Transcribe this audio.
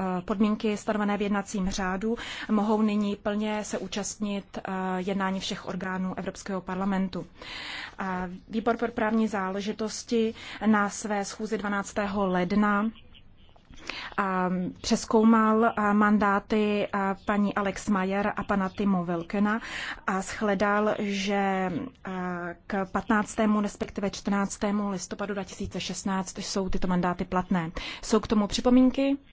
Eh, podmínky stanovené v jednacím řádu, mohou nyní plně se účastnit eh, jednání všech orgánů Evropského parlamentu. Eh, výbor pro právní záležitosti na své schůzi 12. ledna přeskoumal mandáty paní Alex Mayer a pana Timo Velkena a shledal, že k 15. respektive 14. listopadu 2016 jsou tyto mandáty platné. Jsou k tomu připomínky?